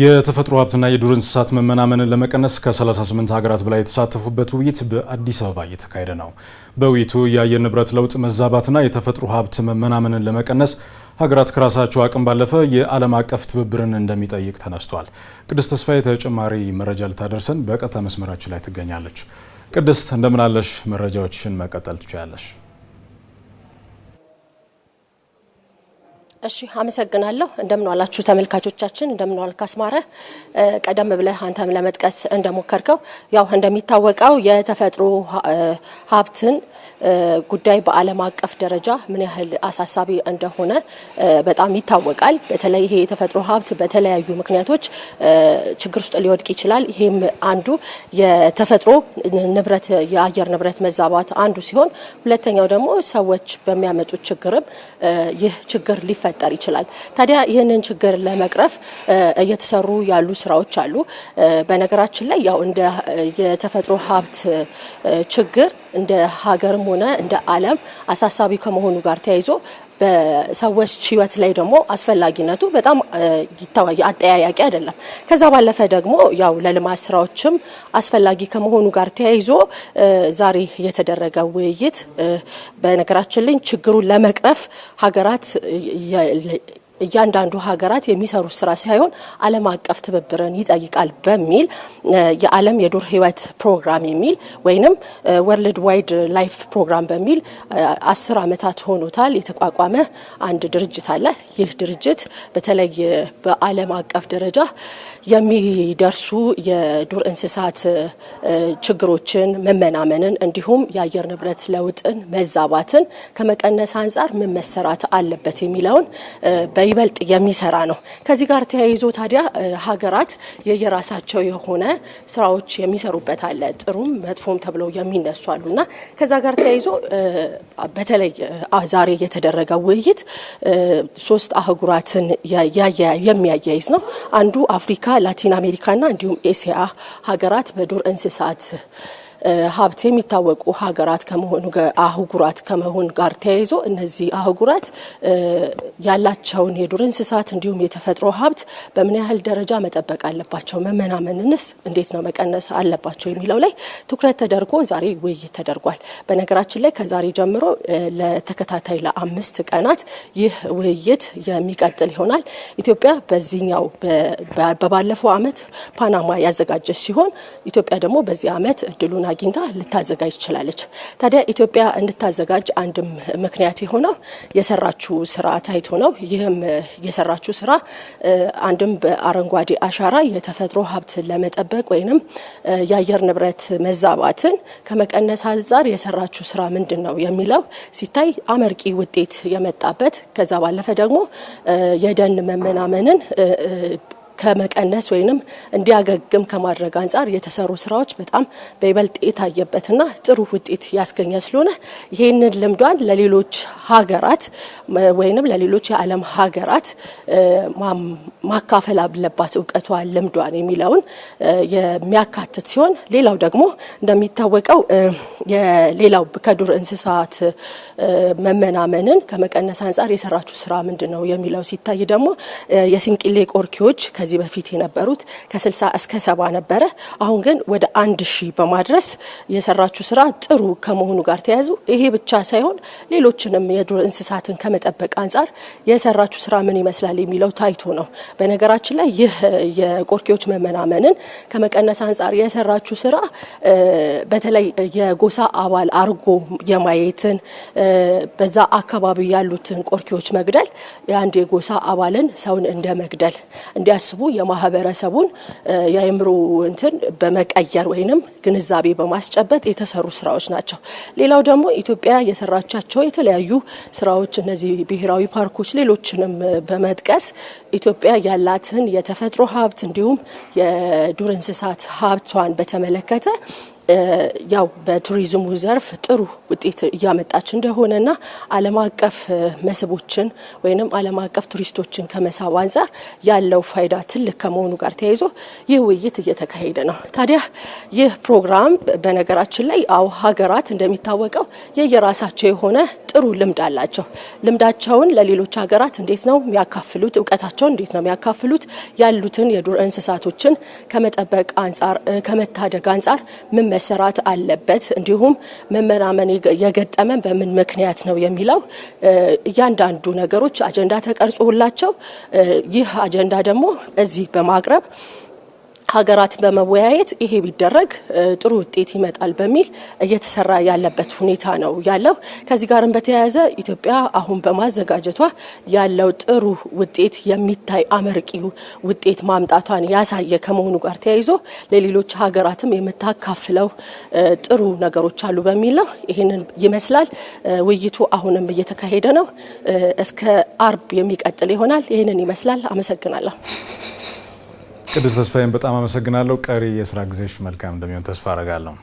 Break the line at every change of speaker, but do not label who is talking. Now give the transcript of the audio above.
የተፈጥሮ ሀብትና የዱር እንስሳት መመናመንን ለመቀነስ ከ38 ሀገራት በላይ የተሳተፉበት ውይይት በአዲስ አበባ እየተካሄደ ነው። በውይይቱ የአየር ንብረት ለውጥ መዛባትና የተፈጥሮ ሀብት መመናመንን ለመቀነስ ሀገራት ከራሳቸው አቅም ባለፈ የዓለም አቀፍ ትብብርን እንደሚጠይቅ ተነስቷል። ቅድስት ተስፋዬ ተጨማሪ መረጃ ልታደርሰን በቀጥታ መስመራችን ላይ ትገኛለች። ቅድስት እንደምናለሽ? መረጃዎችን መቀጠል ትችያለሽ።
እሺ አመሰግናለሁ። እንደምን ዋላችሁ ተመልካቾቻችን። እንደምን ዋልክ አስማረ። ቀደም ብለህ አንተም ለመጥቀስ እንደሞከርከው ያው እንደሚታወቀው የተፈጥሮ ሀብትን ጉዳይ በዓለም አቀፍ ደረጃ ምን ያህል አሳሳቢ እንደሆነ በጣም ይታወቃል። በተለይ ይሄ የተፈጥሮ ሀብት በተለያዩ ምክንያቶች ችግር ውስጥ ሊወድቅ ይችላል። ይሄም አንዱ የተፈጥሮ ንብረት የአየር ንብረት መዛባት አንዱ ሲሆን፣ ሁለተኛው ደግሞ ሰዎች በሚያመጡት ችግርም ይህ ችግር ሊፈ ሊፈጠር ይችላል። ታዲያ ይህንን ችግር ለመቅረፍ እየተሰሩ ያሉ ስራዎች አሉ። በነገራችን ላይ ያው እንደ የተፈጥሮ ሀብት ችግር እንደ ሀገርም ሆነ እንደ ዓለም አሳሳቢ ከመሆኑ ጋር ተያይዞ በሰዎች ህይወት ላይ ደግሞ አስፈላጊነቱ በጣም ይታወቅ አጠያያቂ አይደለም። ከዛ ባለፈ ደግሞ ያው ለልማት ስራዎችም አስፈላጊ ከመሆኑ ጋር ተያይዞ ዛሬ የተደረገ ውይይት በነገራችን ላይ ችግሩን ለመቅረፍ ሀገራት እያንዳንዱ ሀገራት የሚሰሩት ስራ ሳይሆን ዓለም አቀፍ ትብብርን ይጠይቃል በሚል የዓለም የዱር ህይወት ፕሮግራም የሚል ወይንም ወርልድ ዋይድ ላይፍ ፕሮግራም በሚል አስር ዓመታት ሆኖታል የተቋቋመ አንድ ድርጅት አለ። ይህ ድርጅት በተለይ በዓለም አቀፍ ደረጃ የሚደርሱ የዱር እንስሳት ችግሮችን፣ መመናመንን እንዲሁም የአየር ንብረት ለውጥን፣ መዛባትን ከመቀነስ አንጻር ምን መሰራት አለበት የሚለውን ይበልጥ የሚሰራ ነው። ከዚህ ጋር ተያይዞ ታዲያ ሀገራት የየራሳቸው የሆነ ስራዎች የሚሰሩበት አለ። ጥሩም መጥፎም ተብለው የሚነሱ አሉና ከዛ ጋር ተያይዞ በተለይ ዛሬ የተደረገ ውይይት ሶስት አህጉራትን የሚያያይዝ ነው። አንዱ አፍሪካ፣ ላቲን አሜሪካና እንዲሁም ኤሲያ ሀገራት በዱር እንስሳት ሀብት የሚታወቁ ሀገራት ከመሆኑ አህጉራት ከመሆን ጋር ተያይዞ እነዚህ አህጉራት ያላቸውን የዱር እንስሳት እንዲሁም የተፈጥሮ ሀብት በምን ያህል ደረጃ መጠበቅ አለባቸው፣ መመናመንንስ እንዴት ነው መቀነስ አለባቸው የሚለው ላይ ትኩረት ተደርጎ ዛሬ ውይይት ተደርጓል። በነገራችን ላይ ከዛሬ ጀምሮ ለተከታታይ ለአምስት ቀናት ይህ ውይይት የሚቀጥል ይሆናል። ኢትዮጵያ በዚህኛው በባለፈው አመት ፓናማ ያዘጋጀች ሲሆን ኢትዮጵያ ደግሞ በዚህ አመት እድሉን አግኝታ ልታዘጋጅ ትችላለች። ታዲያ ኢትዮጵያ እንድታዘጋጅ አንድም ምክንያት የሆነው የሰራችው ስራ ታይቶ ነው። ይህም የሰራችው ስራ አንድም በአረንጓዴ አሻራ የተፈጥሮ ሀብት ለመጠበቅ ወይንም የአየር ንብረት መዛባትን ከመቀነስ አንጻር የሰራችው ስራ ምንድን ነው የሚለው ሲታይ አመርቂ ውጤት የመጣበት ከዛ ባለፈ ደግሞ የደን መመናመንን ከመቀነስ ወይንም እንዲያገግም ከማድረግ አንጻር የተሰሩ ስራዎች በጣም በይበልጥ የታየበትና ጥሩ ውጤት ያስገኘ ስለሆነ ይህንን ልምዷን ለሌሎች ሀገራት ወይንም ለሌሎች የዓለም ሀገራት ማካፈል አለባት እውቀቷን፣ ልምዷን የሚለውን የሚያካትት ሲሆን ሌላው ደግሞ እንደሚታወቀው የሌላው ከዱር እንስሳት መመናመንን ከመቀነስ አንጻር የሰራችው ስራ ምንድን ነው የሚለው ሲታይ ደግሞ የስንቅሌ ቆርኪዎች ከዚህ በፊት የነበሩት ከ60 እስከ ሰባ ነበረ። አሁን ግን ወደ አንድ ሺህ በማድረስ የሰራችው ስራ ጥሩ ከመሆኑ ጋር ተያዙ። ይሄ ብቻ ሳይሆን ሌሎችንም የዱር እንስሳትን ከመጠበቅ አንጻር የሰራችው ስራ ምን ይመስላል የሚለው ታይቶ ነው። በነገራችን ላይ ይህ የቆርኪዎች መመናመንን ከመቀነስ አንጻር የሰራችው ስራ በተለይ የጎሳ አባል አርጎ የማየትን በዛ አካባቢ ያሉትን ቆርኪዎች መግደል የአንድ የጎሳ አባልን ሰውን እንደ መግደል እንዲያስ ህብረተሰቡ የማህበረሰቡን የአእምሮ እንትን በመቀየር ወይንም ግንዛቤ በማስጨበጥ የተሰሩ ስራዎች ናቸው። ሌላው ደግሞ ኢትዮጵያ የሰራቻቸው የተለያዩ ስራዎች እነዚህ ብሔራዊ ፓርኮች፣ ሌሎችንም በመጥቀስ ኢትዮጵያ ያላትን የተፈጥሮ ሀብት እንዲሁም የዱር እንስሳት ሀብቷን በተመለከተ ያው በቱሪዝሙ ዘርፍ ጥሩ ውጤት እያመጣች እንደሆነና ዓለም አቀፍ መስህቦችን ወይም ዓለም አቀፍ ቱሪስቶችን ከመሳብ አንጻር ያለው ፋይዳ ትልቅ ከመሆኑ ጋር ተያይዞ ይህ ውይይት እየተካሄደ ነው። ታዲያ ይህ ፕሮግራም በነገራችን ላይ አው ሀገራት እንደሚታወቀው የየራሳቸው የሆነ ጥሩ ልምድ አላቸው። ልምዳቸውን ለሌሎች ሀገራት እንዴት ነው የሚያካፍሉት? እውቀታቸውን እንዴት ነው የሚያካፍሉት? ያሉትን የዱር እንስሳቶችን ከመጠበቅ አንጻር ከመታደግ አንጻር ምን መሰራት አለበት፣ እንዲሁም መመናመን የገጠመን በምን ምክንያት ነው የሚለው እያንዳንዱ ነገሮች አጀንዳ ተቀርጾላቸው ይህ አጀንዳ ደግሞ እዚህ በማቅረብ ከሀገራት በመወያየት ይሄ ቢደረግ ጥሩ ውጤት ይመጣል በሚል እየተሰራ ያለበት ሁኔታ ነው ያለው። ከዚህ ጋርም በተያያዘ ኢትዮጵያ አሁን በማዘጋጀቷ ያለው ጥሩ ውጤት የሚታይ አመርቂ ውጤት ማምጣቷን ያሳየ ከመሆኑ ጋር ተያይዞ ለሌሎች ሀገራትም የምታካፍለው ጥሩ ነገሮች አሉ በሚል ነው። ይህንን ይመስላል ውይይቱ። አሁንም እየተካሄደ ነው። እስከ አርብ የሚቀጥል ይሆናል። ይህንን ይመስላል። አመሰግናለሁ።
ቅድስት ተስፋዬን በጣም አመሰግናለሁ። ቀሪ የስራ ጊዜሽ መልካም እንደሚሆን ተስፋ አረጋለሁ።